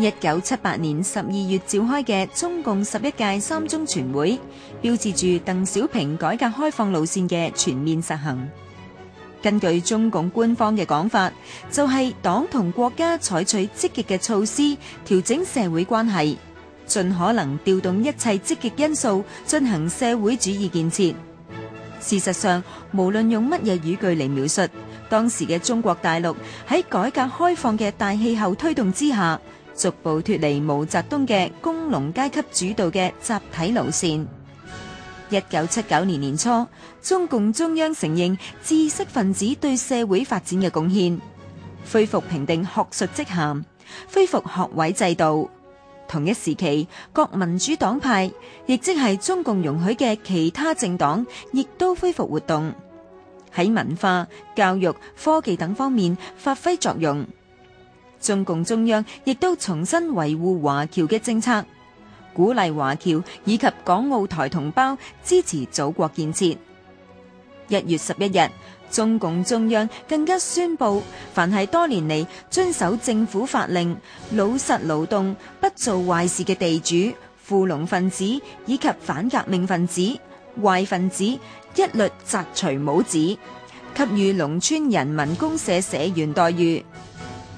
1978年12月召開嘅中共11屆三中全會,標誌住鄧小平改革開放路線嘅全面實行。根據中共官方嘅講法,就係黨同國家採取積極嘅措施,調整社會關係,盡可能調動一切積極因素,進行社會主義建設。事實上,無論用乜嘢語句嚟描述,當時的中國大陸喺改革開放嘅大氣候推動之下,逐步脫離毛澤東嘅工農階級主導嘅集體路線。一九七九年年初，中共中央承認知識分子對社會發展嘅貢獻，恢復評定學術職銜，恢復學位制度。同一時期，各民主黨派，亦即係中共容許嘅其他政黨，亦都恢復活動，喺文化、教育、科技等方面發揮作用。中共中央亦都重新維護華僑嘅政策，鼓勵華僑以及港澳台同胞支持祖國建設。一月十一日，中共中央更加宣布，凡係多年嚟遵守政府法令、老實勞動、不做壞事嘅地主、富農分子以及反革命分子、壞分子，一律摘除帽子，給予農村人民公社社員待遇。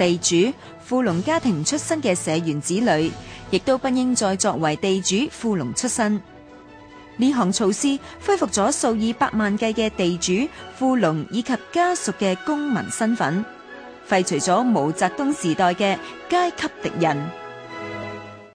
地主富農家庭出身嘅社員子女，亦都不應再作為地主富農出身。呢項措施恢復咗數以百萬計嘅地主富農以及家屬嘅公民身份，廢除咗毛澤東時代嘅階級敵人。